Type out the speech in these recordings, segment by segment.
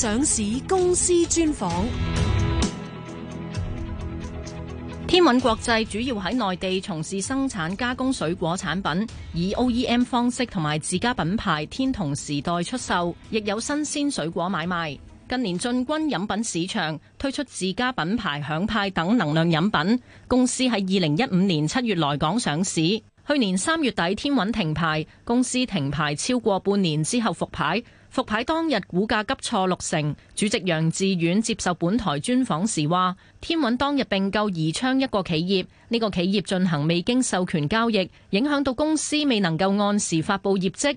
上市公司專訪。天韻國際主要喺內地從事生產加工水果產品，以 OEM 方式同埋自家品牌天同時代出售，亦有新鮮水果買賣。近年進軍飲品市場，推出自家品牌享派等能量飲品。公司喺二零一五年七月來港上市。去年三月底天韻停牌，公司停牌超過半年之後復牌，復牌當日股價急挫六成。主席楊自遠接受本台專訪時話，天韻當日併購宜昌一個企業，呢個企業進行未經授權交易，影響到公司未能夠按時發布業績。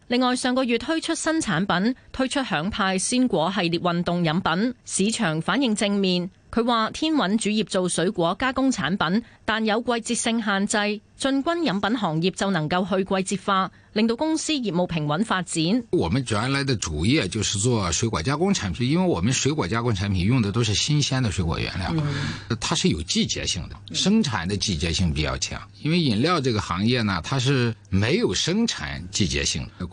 另外上個月推出新產品，推出享派鮮果系列運動飲品，市場反應正面。佢話天韻主業做水果加工產品，但有季節性限制。進軍飲品行業就能夠去季節化，令到公司業務平穩發展。我們原來的主業就是做水果加工產品，因為我們水果加工產品用的都是新鮮的水果原料，嗯，它是有季節性的，生產的季節性比較強，因為飲料這個行業呢，它是沒有生產季節性的。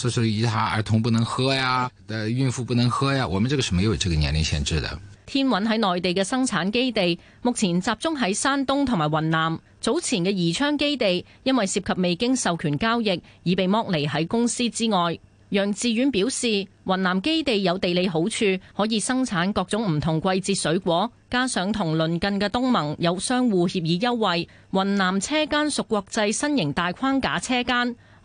這是其他兒童不能喝呀，孕婦不能喝呀。我們這個是沒有這個年齡限制的。天韻喺內地嘅生產基地目前集中喺山東同埋雲南。早前嘅宜昌基地因為涉及未經授權交易，已被剝離喺公司之外。楊自遠表示，雲南基地有地理好處，可以生產各種唔同季節水果，加上同鄰近嘅東盟有相互協議優惠。雲南車間屬國際新型大框架車間。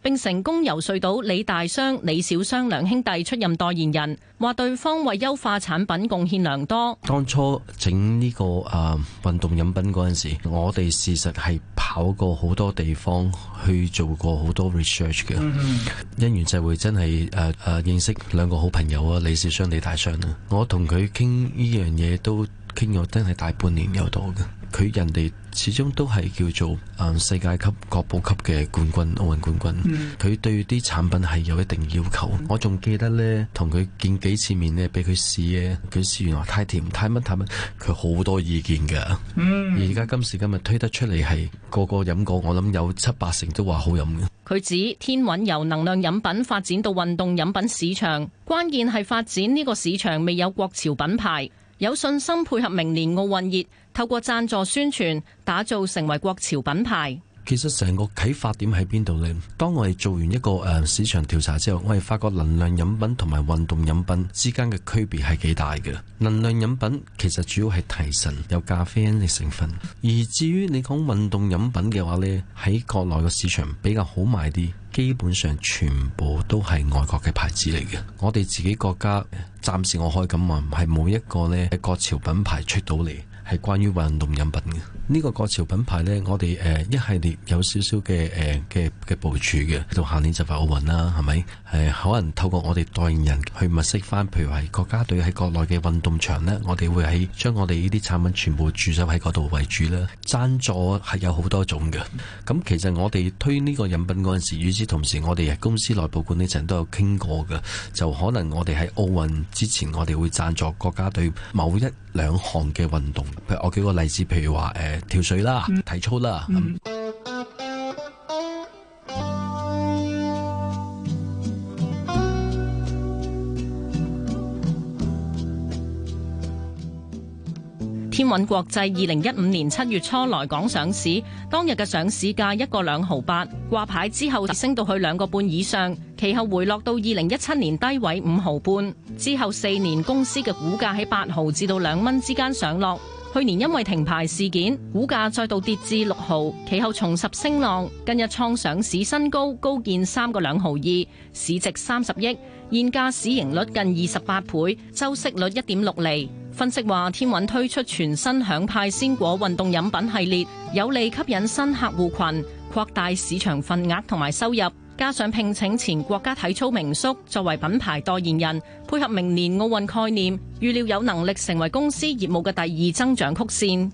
並成功遊說到李大雙、李小雙兩兄弟出任代言人，話對方為優化產品貢獻良多。當初整呢、這個誒運、呃、動飲品嗰陣時候，我哋事實係跑過好多地方去做過好多 research 嘅。因緣際會真係誒誒，認識兩個好朋友啊，李小雙、李大雙啊。我同佢傾呢樣嘢都。傾我真係大半年有到嘅，佢人哋始終都係叫做世界級國寶級嘅冠軍奧運冠軍，佢、嗯、對啲產品係有一定要求。我仲記得呢，同佢見幾次面呢，俾佢試嘢，佢試完話太甜太乜太乜，佢好多意見㗎、嗯。而家今時今日推得出嚟係個個飲過，我諗有七八成都話好飲嘅。佢指天韻由能量飲品發展到運動飲品市場，關鍵係發展呢個市場未有國潮品牌。有信心配合明年奧運熱，透過贊助宣傳，打造成為國潮品牌。其實成個啟發點喺邊度呢？當我哋做完一個誒、呃、市場調查之後，我哋發覺能量飲品同埋運動飲品之間嘅區別係幾大嘅。能量飲品其實主要係提神，有咖啡因嘅成分。而至於你講運動飲品嘅話呢，喺國內嘅市場比較好賣啲，基本上全部都係外國嘅牌子嚟嘅。我哋自己國家暫時，我可以咁話，唔係冇一個呢係國潮品牌出到嚟。係關於運動飲品嘅呢個國潮品牌呢，我哋誒一系列有少少嘅誒嘅嘅部署嘅，到下年就係奧運啦，係咪？誒可能透過我哋代言人去物色翻，譬如話國家隊喺國內嘅運動場呢，我哋會喺將我哋呢啲產品全部駐守喺嗰度為主啦。贊助係有好多種嘅，咁其實我哋推呢個飲品嗰陣時，與此同時，我哋公司內部管理層都有傾過嘅，就可能我哋喺奧運之前，我哋會贊助國家隊某一兩項嘅運動。譬如我舉個例子，譬如話誒、呃、跳水啦、體、嗯、操啦、嗯嗯。天韻國際二零一五年七月初來港上市，當日嘅上市價一個兩毫八，掛牌之後升到去兩個半以上，其後回落到二零一七年低位五毫半，之後四年公司嘅股價喺八毫至到兩蚊之間上落。去年因為停牌事件，股價再度跌至六毫，其後重拾升浪，近日創上市新高，高見三個兩毫二，市值三十億，現價市盈率近二十八倍，周息率一點六厘。分析話，天韻推出全新享派鮮果運動飲品系列，有利吸引新客戶群，擴大市場份額同埋收入。加上聘請前國家體操名宿作為品牌代言人，配合明年奧運概念，預料有能力成為公司業務嘅第二增長曲線。